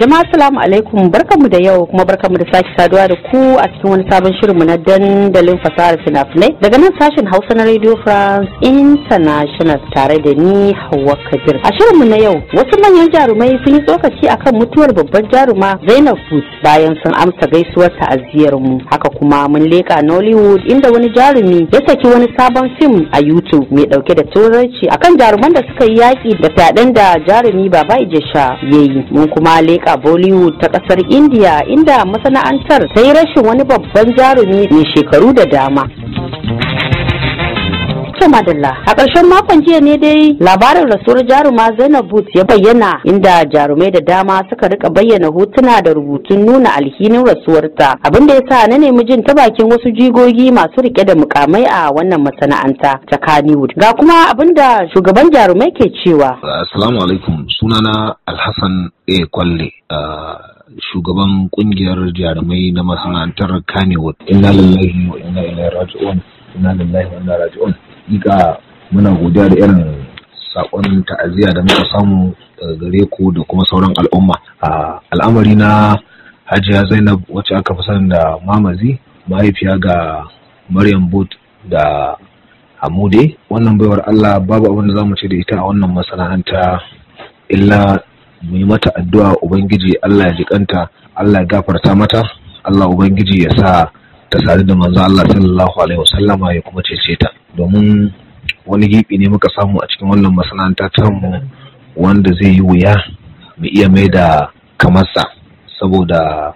jama'a assalamu alaikum barkamu da yau kuma barkamu da sake saduwa da ku a cikin wani sabon mu na dandalin fasahar fina-finai daga nan sashen hausa na radio france international tare da ni hawa kabir a shirin mu na yau wasu manyan jarumai sun yi tsokaci akan mutuwar babban jaruma zainab food bayan sun amsa gaisuwar ta'aziyar mu haka kuma mun leka nollywood inda wani jarumi ya saki wani sabon fim a youtube mai dauke da turanci akan jaruman da suka yi yaki da fyaɗen da jarumi baba ijesha ya yi mun kuma leka. a Bollywood ta kasar India inda masana'antar ta yi rashin wani babban jarumi mai shekaru da dama. to madalla a ƙarshen makon jiya ne dai labarin rasuwar jaruma zainab but ya bayyana inda jarumai da dama suka rika bayyana hotuna da rubutun nuna alhinin rasuwarta abin da ya sa na nemi jin ta bakin wasu jigogi masu rike da mukamai a wannan masana'anta ta kaniwood ga kuma abin da shugaban jarumai ke cewa assalamu alaikum sunana alhassan A. kwalle shugaban kungiyar jarumai na masana'antar kanewood inna lillahi wa inna ilaihi raji'un inna lillahi wa inna raji'un hakika muna godiya da irin sakon ta'aziyya da muka samu daga gare ku da kuma sauran al'umma A al'amari na hajiya zainab wacce aka fi sani da mamazi mahaifiya ga maryam booth da hamude wannan baiwar allah babu abin da za mu ce da ita a wannan masana'anta illa mu yi mata addu'a ubangiji allah ya jikanta allah ya gafarta mata allah ubangiji ya sa ta sadu da manzo Allah sallallahu alaihi wasallama ya kuma cece ta domin wani gibi ne muka samu a cikin wannan masana'anta ta mu wanda zai yi wuya mu iya mai da kamarsa saboda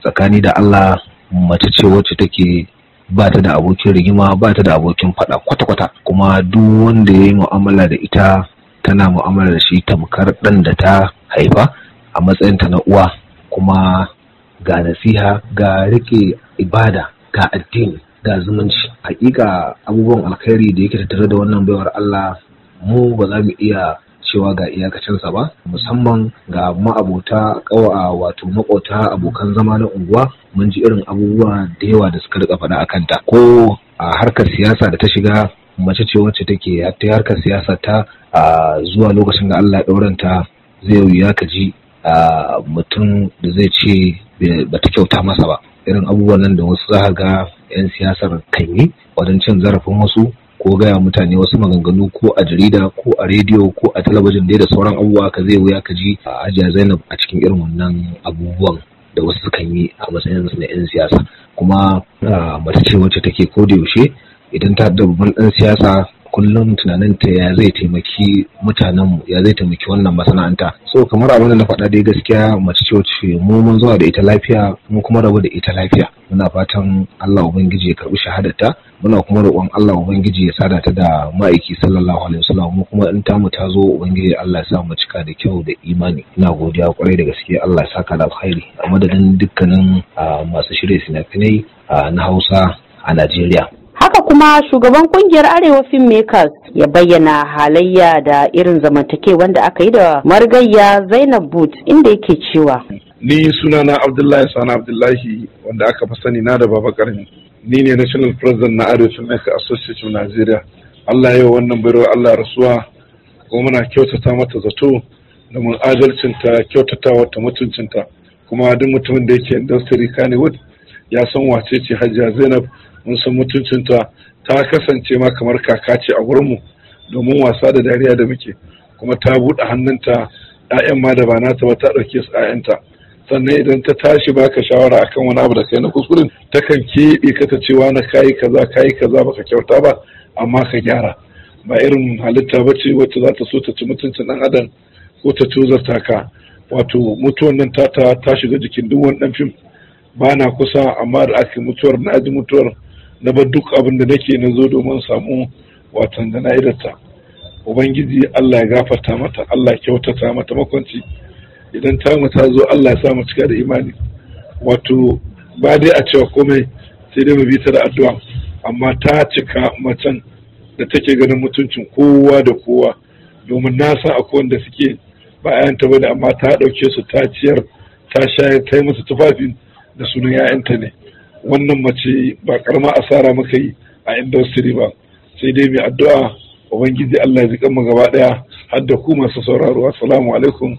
tsakani da Allah mace ce wacce take ba ta da abokin rigima ba ta da abokin faɗa kwata-kwata kuma duk wanda ya yi mu'amala da ita tana mu'amala da shi tamkar ɗan da ta haifa a matsayinta na uwa kuma ga nasiha ga rike ibada ga addini ga zumunci hakika abubuwan alkhairi da yake tattare da wannan baiwar Allah mu ba za mu iya cewa ga iyakacinsa ba musamman ga ma'abota kawa wato makota abokan zama na unguwa mun ji irin abubuwa da yawa da suka rika faɗa a kanta ko a harkar siyasa da ta shiga mace ce wacce take ta harkar siyasa ta zuwa lokacin da Allah ya ta zai wuya ka ji mutum da zai ce ba kyauta masa ba irin abubuwan nan da wasu za ga 'yan siyasar kan yi wajen cin zarafin wasu ko gaya mutane wasu maganganu ko a jarida ko a rediyo ko a talabijin dai da sauran abubuwa ka zai wuya ka ji a ajiya zainab a cikin irin wannan abubuwan da wasu kan yi a matsayin na 'yan siyasa kuma mace ce wacce take ko da yaushe idan ta dabban babban ɗan siyasa kullum tunanin ta ya zai taimaki mutanenmu ya zai taimaki wannan masana'anta so kamar abin da na faɗa dai gaskiya mace ce wacce mu mun zuwa da ita lafiya mu kuma rabu da ita lafiya muna fatan Allah ubangiji ya karbi shahadarta muna kuma roƙon Allah ubangiji ya sada ta da ma'aiki sallallahu alaihi wasallam mu kuma in ta mu ta zo ubangiji Allah ya sa mu cika da kyau da imani ina godiya kwarai da gaske Allah ya saka da alkhairi a madadin dukkanin ah, masu shirya fina ah, na Hausa a Najeriya haka kuma shugaban kungiyar arewa filmmakers ya bayyana halayya da irin zamantake wanda aka yi da margayya zainab boot inda yake cewa ni sunana abdullahi Sani abdullahi wanda aka fi sani na da baba karni ni ne national president na arewa filmmaker association nigeria allah yau wannan baiwa allah rasuwa kuma muna kyautata mata zato da mun adalcinta kyautatawa ta mutuncinta kuma duk mutumin da yake industry kanewood ya san wace ce hajiya zainab mun san mutuncinta ta kasance ma kamar kaka ce a gurinmu domin wasa da dariya da muke kuma ta buɗe hannunta 'ya'yan ma da ba nata ba ta ɗauke su 'ya'yanta sannan idan ta tashi baka shawara akan wani abu da kai na ta takan keɓe ka ta cewa na kayi kaza kayi kaza baka kyauta ba amma ka gyara ba irin halitta ba ce wacce za ta so ta ci mutuncin ɗan adam ko ta cozarta ka wato mutuwan nan ta ta shiga jikin duk wani ɗan fim ba na kusa amma da ake mutuwar na ji mutuwar na ba duk abin da nake na zo domin samu watan da na idata ubangiji allah ya gafarta mata allah kyautata mata makwanci idan ta ta zo allah ya sa mu cika da imani wato ba dai a cewa komai sai dai mu bi ta da addu'a amma ta cika macen da take ganin mutuncin kowa da kowa domin na a akwai wanda suke ba 'ya'yanta bane amma ta ɗauke su ta ciyar ta shayar ta yi musu tufafi da sunan 'ya'yanta ne wannan mace ba karama asara muka yi a industry ba sai dai mai addu'a ubangiji Allah ya ji gaba daya har da ku masu sauraro assalamu alaikum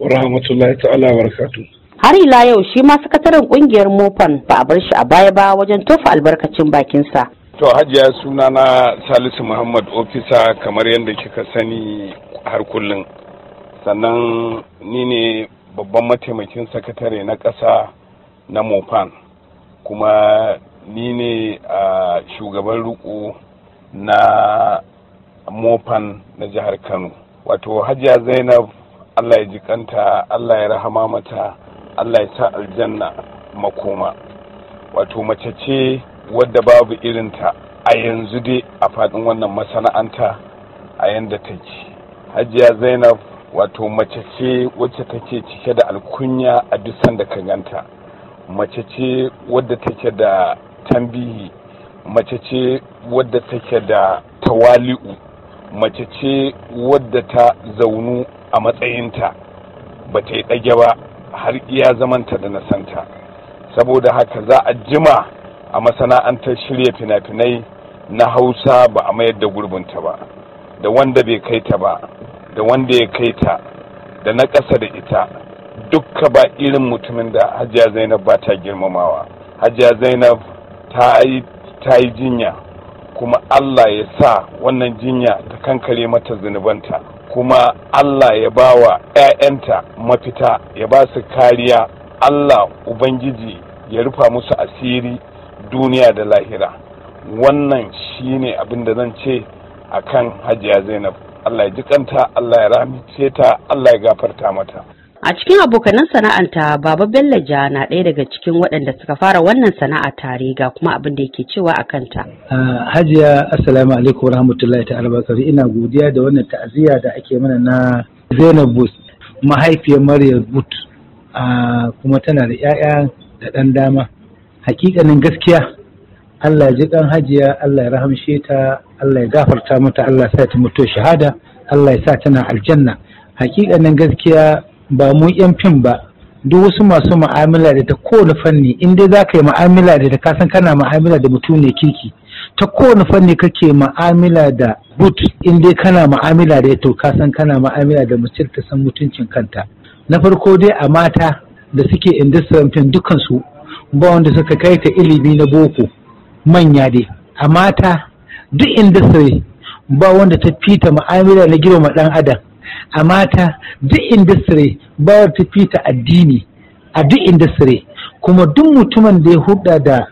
wa rahmatullahi ta'ala wa barakatuh har ila yau shi ma sakataren kungiyar mofan ba a bar shi a baya ba wajen tofa albarkacin bakin sa to hajiya suna na salisu muhammad ofisa kamar yadda kika sani har kullum sannan ni ne babban mataimakin sakatare na ƙasa na mopan kuma ni ne a shugaban riko na mopan na jihar kano wato hajiya zainab allah ya jikanta allah ya rahama mata allah ya sa aljanna makoma wato mace ce wadda babu irinta a yanzu dai a faɗin wannan masana'anta a yanda ke hajiya zainab wato mace ce wacce take cike da alkunya a duk sanda ka ganta mace ce wadda take da tambihi mace ce wadda take da tawali'u mace ce wadda ta zaunu a matsayinta ba ta yi ɗage ba har iya zamanta da nasanta saboda haka za a jima a masana'antar shirya fina-finai na hausa ba a mayar da gurbinta ba da wanda bai kaita ba da wanda ya kai ta da na ƙasa da ita dukka ba irin mutumin da hajiya zainab ba ta girmamawa hajiya zainab ta yi jinya kuma allah ya sa wannan jinya ta kankare mata zunubanta kuma allah ya ba wa 'ya'yanta mafita ya ba su kariya allah ubangiji ya rufa musu asiri duniya da lahira wannan shine abin da zan ce a kan hajiya zainab allah ya ji allah ya ramice ta allah ya gafarta mata A cikin abokanan sana'anta Baba Bello Ja na ɗaya daga cikin waɗanda suka fara wannan sana'a tare ga kuma abin da yake cewa a kanta. Hajiya Assalamu alaikum rahmatullahi ta'ala barkatu ina godiya da wannan ta'aziyya da ake mana na Zainab Bus mahaifiyar Maryam But kuma tana da 'ya'ya da ɗan dama. Hakikanin gaskiya Allah ya ji ɗan hajiya Allah ya rahamshe ta Allah ya gafarta mata Allah ya sa ta mutu shahada Allah ya sa tana aljanna. Hakikanin gaskiya ba mu yan fim ba duk wasu masu ma'amala da ta kowane fanni in dai za ka yi ma'amala da ta kasan kana ma'amala da mutum ne kirki ta kowane fanni kake ma'amala da but in dai kana ma'amala da to kasan kana ma'amala da mutum ta san mutuncin kanta na farko dai a mata da suke industry fim dukansu ba wanda suka kai ta ilimi na boko manya dai a mata duk industry ba wanda ta fita ma'amala na girma dan adam a mata duk industry ba ta fita addini a duk industry kuma duk mutumin da ya hudda da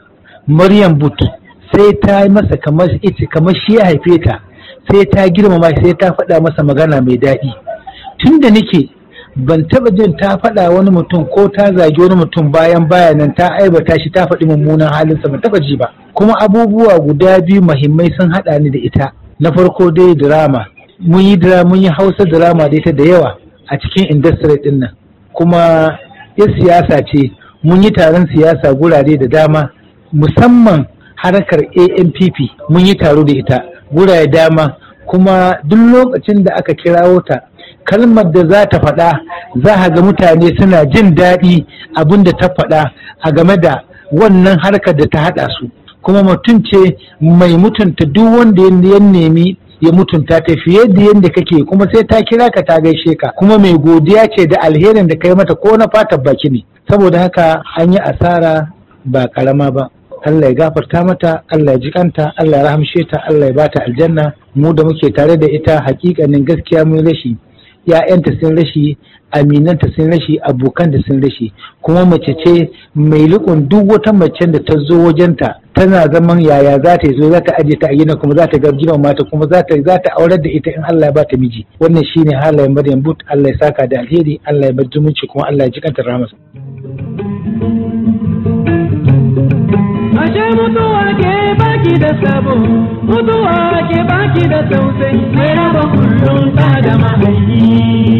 maryam but sai ta yi masa kamar ita kamar shi ya haife ta sai ta girmama sai ta faɗa masa magana mai daɗi tun da nake ban taɓa jin ta faɗa wani mutum ko ta zagi wani mutum bayan bayanan ta aibata shi ta faɗi mummunan halinsa ban taɓa ji ba kuma abubuwa guda biyu muhimmai sun haɗa ni da ita na farko dai drama mun yi mun yi hausa drama da ta da yawa a cikin industry din nan kuma ya siyasa ce mun yi taron siyasa gurare da dama musamman harkar ampp mun yi taro da ita gurare dama kuma duk lokacin da aka kirawo ta kalmar da za ta faɗa za a ga mutane suna jin daɗi abin da ta faɗa a game da wannan harkar da ta haɗa su kuma mutum ce mai mutunta duk wanda ya nemi ya mutunta ta fiye da yadda kake kuma sai ta kira ka ta gaishe ka kuma mai godiya ce da alherin da kai mata ko na fatar baki ne saboda haka an yi asara ba karama ba Allah ya gafarta mata Allah ya jikanta Allah ya rahamshe ta Allah ya bata aljanna mu da muke tare da ita hakikanin gaskiya mun rashi ‘ya'yanta sun rashi aminanta sun rashi abokanta sun rashi kuma mace ce mai luƙun duk wata macen da ta zo wajenta tana zaman yaya za ta zo za ta aje ta a gina kuma za ta gargina mata kuma za ta za ta aurar da ita in Allah ya ta miji wannan shine halayen Maryam But Allah ya saka da alheri Allah ya bar zumunci kuma Allah ya jikanta rahmasa ashe mutuwa ke baki da sabo mutuwa ke baki da sause mai raba kullum ta da mahayi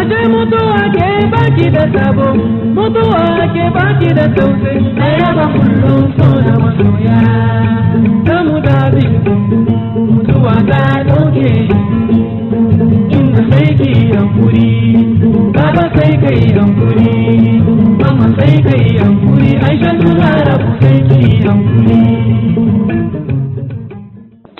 ashe mutuwa ke baki da sabo mutuwa ke baki da tausayi mai raba kullum so da masoya ta mu dabi mutuwa ta dauke mama sai kai yankuri baba sai kai yankuri mama sai kai yankuri aisha rabu sai kai yankuri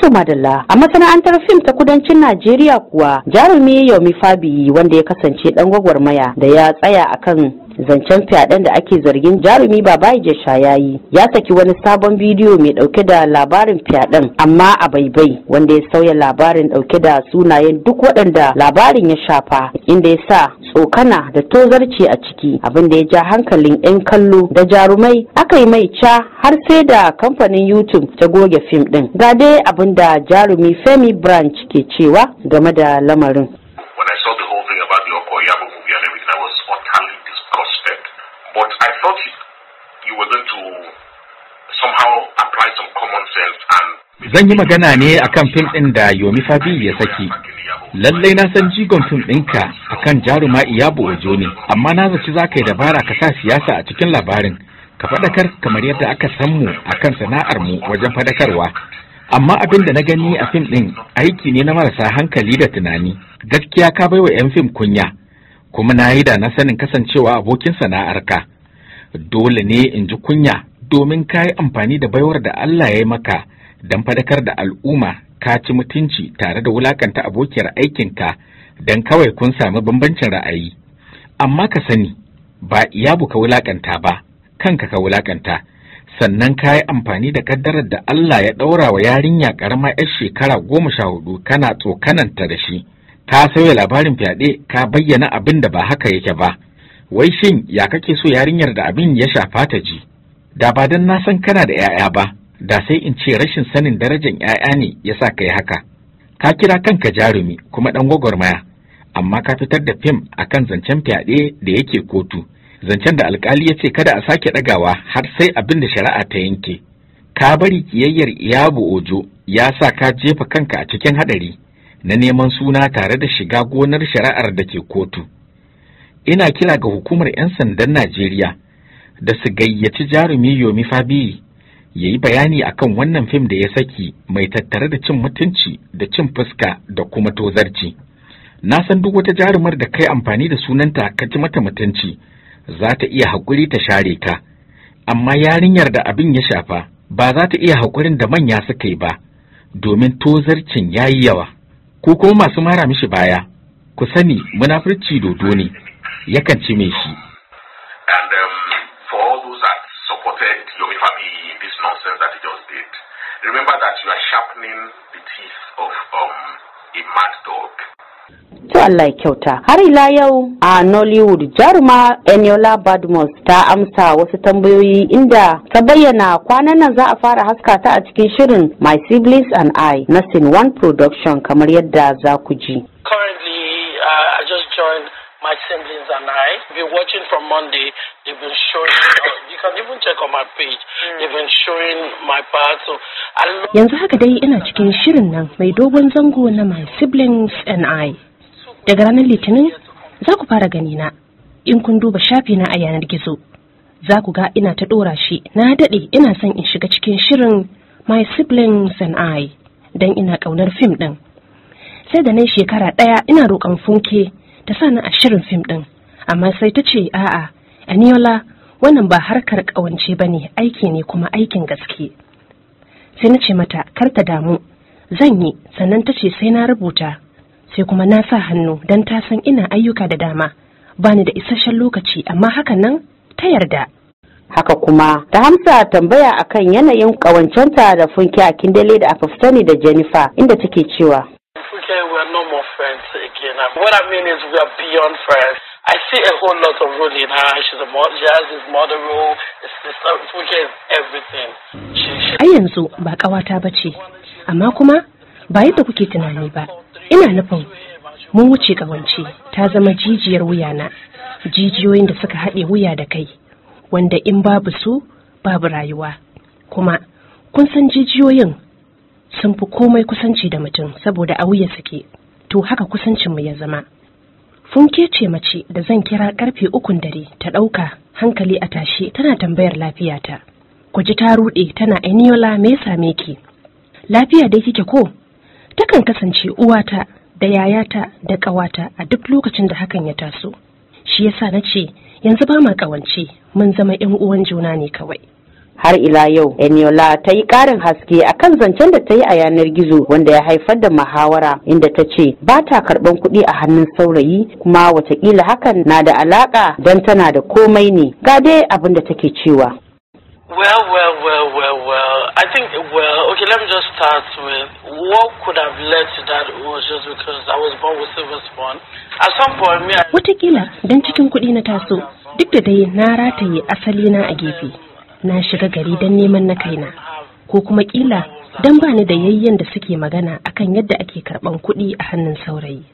To madalla a masana'antar fim ta kudancin Najeriya kuwa jarumi Yomi Fabi wanda ya kasance dan gwagwarmaya da ya tsaya akan zancen fyaɗen da ake zargin jarumi babaji shayayi ya saki wani sabon bidiyo mai ɗauke da labarin fyaɗen amma a baibai wanda ya sauya labarin ɗauke da sunayen duk waɗanda labarin ya shafa inda ya sa tsokana da tozarci a ciki abin da ya ja hankalin 'yan kallo da jarumai aka yi mai ca har sai da kamfanin youtube ta goge fim ɗin ga dai abin da jarumi femi branch ke cewa game da lamarin But I thought you were going to somehow apply some common sense and Zan yi magana ne akan fim ɗin da Yomi Fabi ya saki. Lallai na san jigon fim ɗinka akan jaruma Iyabo Ojo ne, amma na zaci za ka yi dabara ka sa siyasa a cikin labarin. Ka faɗakar kamar yadda aka san mu akan sana'ar mu wajen faɗakarwa. Amma abin da na gani a fim ɗin aiki ne na marasa hankali da tunani. Gaskiya ka baiwa 'yan fim kunya. kuma na yi da na sanin kasancewa abokin sana'arka dole ne in ji kunya domin ka yi amfani da baiwar da Allah ya yi maka don fadakar da al'umma ka ci mutunci tare da wulakanta abokiyar aikinka don kawai kun sami bambancin ra'ayi amma ka sani ba iyabu ka wulakanta ba kanka ka wulakanta sannan ka yi amfani da kaddarar da Allah ya ɗaura wa yarinya ƙarama 'yar shekara goma sha hudu kana tsokananta da shi ka sauya labarin fyaɗe ka bayyana abin da ba haka yake ba wai shin ya kake so yarinyar da abin ya shafa ta ji da ba dan na san kana da 'ya'ya ba da sai in ce rashin sanin darajar 'ya'ya ne ya sa ka yi haka ka kira kanka jarumi kuma ɗan gwagwarmaya amma ka fitar da fim akan zancen fyaɗe da yake kotu zancen da alkali ya ce kada a sake ɗagawa har sai abin da shari'a ta yanke ka bari kiyayyar Iyabu ojo ya sa ka jefa kanka a cikin haɗari na neman suna tare da shiga gonar shari'ar da ke kotu ina kira ga hukumar 'yan sandan najeriya da su gayyaci jarumi yomi Fabi ya yi bayani a kan wannan fim da ya saki mai tattare da cin mutunci da cin fuska da kuma tozarci na san duk wata jarumar da kai amfani da sunanta ka ji mata mutunci za ta iya haƙuri ta share ka amma yarinyar da abin ya shafa ba za ta iya haƙurin da manya suka yi ba domin tozarcin ya yi yawa ko kuma masu mara mishi baya ku sani munafurci dodo ne yakan ci mai shi and um, for all those that supported Yomi Fabiyi in this nonsense that he just did remember that you are sharpening the teeth of um, a mad dog To Allah ya kyauta. Har ila yau a Nollywood jaruma Eniola Badmus ta amsa wasu tambayoyi inda ta bayyana kwanan nan za a fara haska ta a cikin shirin My Siblings and I na Sin One Production kamar yadda za ku ji. Currently, uh, I just joined my siblings and I. watching from Monday, they've been showing, you can even check on my page, hmm. they've been showing my part. So Yanzu haka dai ina cikin shirin nan mai dogon zango na my siblings and I. Daga ranar Litinin za ku fara gani na in kun duba shafi na a yanar gizo. Za ku ga ina ta ɗora shi na daɗe ina son in shiga cikin shirin my siblings and I don ina ƙaunar fim ɗin. Sai da na shekara ɗaya ina roƙon funke ta sa ni a shirin fim ɗin amma sai ta ce a'a aniola wannan ba harkar ƙawance ba ne aiki ne kuma aikin gaske sai na ce mata kar ta damu zan yi sannan ta ce sai na rubuta sai kuma na sa hannu don ta san ina ayyuka da dama ba ni da isasshen lokaci amma hakan nan ta yarda haka kuma ta hamsa tambaya akan yanayin ƙawancenta da funke a kindale da aka da jennifer inda take cewa funke again. And what I mean is we are beyond friends. I see a whole lot of role in her. She's a mother, she has this mother role, this sister, Funke is everything. A yanzu ba ƙawata ba ce, amma kuma ba yadda kuke tunani ba. Ina nufin mun wuce ƙawance ta zama jijiyar wuyana, jijiyoyin da suka haɗe wuya da kai, wanda in babu su babu rayuwa. Kuma kun san jijiyoyin sun fi komai kusanci da mutum saboda a wuya suke. to haka kusancinmu ya zama funke ce mace da zan kira karfe ukun dare ta ɗauka hankali a tashe tana tambayar lafiyata ku ji ta ruɗe tana eniola me same ki lafiya dai kike ko takan kasance uwata da yayata da ƙawata a duk lokacin da hakan ya taso shi yasa na ce yanzu ba ma ƙawance mun zama 'yan uwan juna ne kawai har ila yau eniola ta yi karin haske akan zancen da ta yi a yanar gizo wanda ya haifar da muhawara inda ta ce ba ta karban kuɗi a hannun saurayi kuma watakila hakan na da alaƙa don tana da komai ne ga abin da take cewa Wataƙila don cikin kuɗi na taso, duk da dai na rataye asali na a gefe. na shiga gari don neman na kaina ko kuma kila don ba ni da yayyen da suke magana akan yadda ake karban kuɗi a hannun saurayi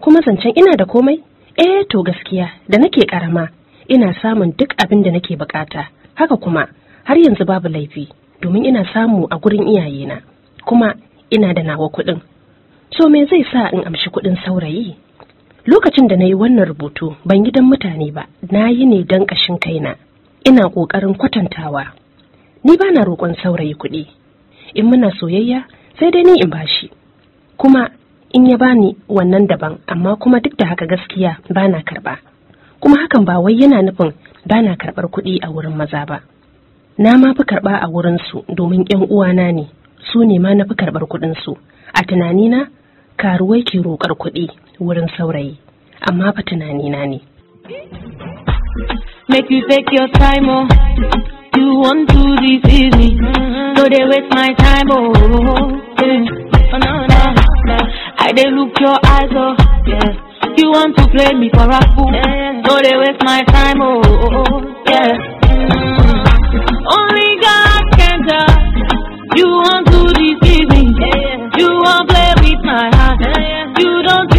kuma zancen ina da komai eh to gaskiya da nake karama ina samun duk abin da nake bukata haka kuma har yanzu babu laifi domin ina samu a gurin iyayena kuma ina da nawa kuɗin so me zai sa in amshi kuɗin saurayi lokacin da na yi wannan rubutu ban gidan mutane ba na yi ne don ƙashin kaina ina ƙoƙarin kwatantawa ni ba na roƙon saurayi kuɗi in muna soyayya sai dai ni in bashi kuma in ya bani wannan daban amma kuma duk da haka gaskiya ba na karɓa kuma hakan ba wai yana nufin ba na karɓar kuɗi a wurin maza ba na ma fi karɓa a wurinsu domin 'yan uwana ne su ne ma na fi karɓar kuɗinsu a tunanina karuwai ke roƙar kuɗi wurin saurayi amma fa tunanina ne Make you take your time, oh. You want to deceive me. so they waste my time, oh. Yeah. Oh, I they look your eyes, oh. Yeah. You want to play me for a fool. so they waste my time, oh. Yeah. Mm. Only God can tell. You want to deceive me. You want play with my heart. You don't.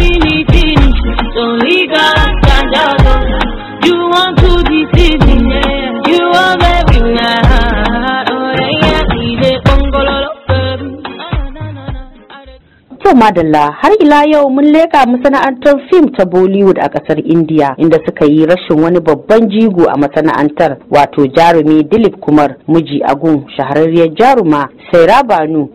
madalla har ila yau mun leka masana'antar fim ta Bollywood a kasar India inda suka yi rashin wani babban jigo a masana'antar wato jarumi Dilip Kumar miji agun shahararriyar jaruma Saira Banu.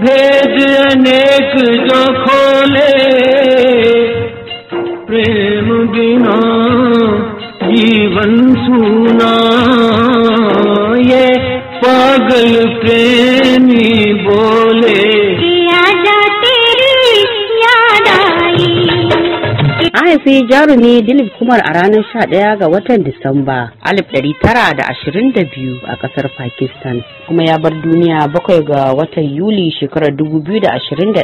भेद अनेक जो खोले प्रेम बिना पागल प्रेमी बोले An haifi jarumi Dilip Kumar a ranar 11 ga watan Disamba 1922 a ƙasar Pakistan kuma ya bar duniya bakwai ga watan Yuli shekarar 2021.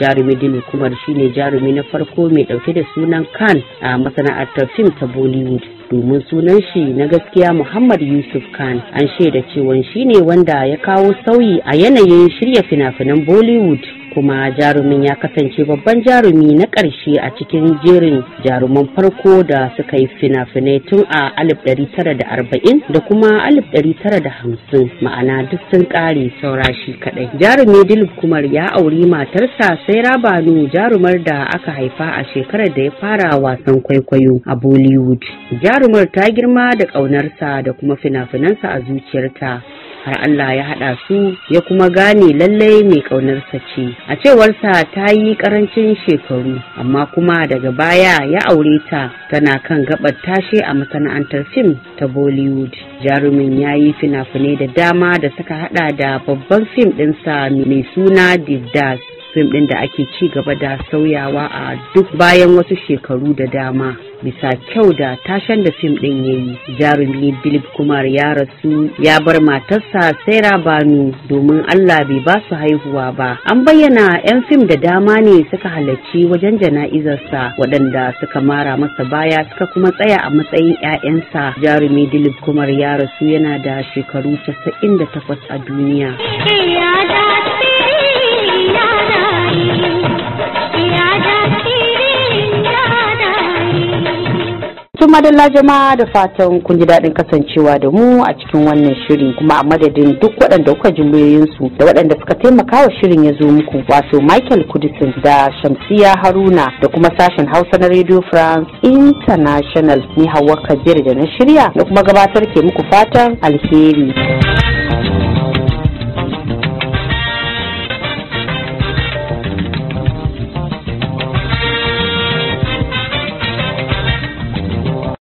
Jarumi Dilip Kumar shine jarumi na farko mai ɗauke da sunan Khan a masana'antar fim ta Bollywood. domin sunan shi na gaskiya Muhammad Yusuf Khan an shaida cewa shine wanda ya kawo sauyi a yanayin shirya fina-finan Bollywood kuma jarumin ya kasance babban jarumi na ƙarshe a cikin jerin jaruman farko da suka yi fina-finai tun a 1940 da kuma 1950 ma'ana duk sun ƙare saura shi kaɗai jarumi dilip kumar ya auri matarsa sai rabanu jarumar da aka haifa a shekarar da ya fara wasan kwaikwayo a bollywood jarumar ta girma da ƙaunarsa da kuma fina-finansa a zuciyarta dokar Allah ya haɗa su ya kuma gane lallai mai ƙaunarsa ce a cewarsa ta yi ƙarancin shekaru amma kuma daga baya ya aure ta tana kan gabar tashe a masana'antar fim ta Bollywood jarumin ya yi fina-finai da dama da suka haɗa da babban fim ɗinsa mai suna Divdas fim ɗin da ake ci gaba da sauyawa a duk bayan wasu shekaru da dama bisa kyau da tashan da fim ɗin ya yi jarumi Dilip kumar ya rasu ya bar matarsa saira banu domin allah bai ba su haihuwa ba an bayyana 'yan fim da dama ne suka halarci wajen jana'izarsa waɗanda suka mara masa baya suka kuma tsaya a matsayin 'ya'yansa jarumi dilip kumar ya rasu yana da shekaru 98 a duniya madalla jama'a da fatan kun ji daɗin kasancewa da mu a cikin wannan shirin kuma a madadin duk waɗanda kuka ji su da waɗanda suka taimaka wa shirin ya zo muku wato Michael Kudisin da Shamsiya Haruna da kuma sashen Hausa na Radio France International ni Hauwa Kabir da na shirya da kuma gabatar ke muku fatan alheri.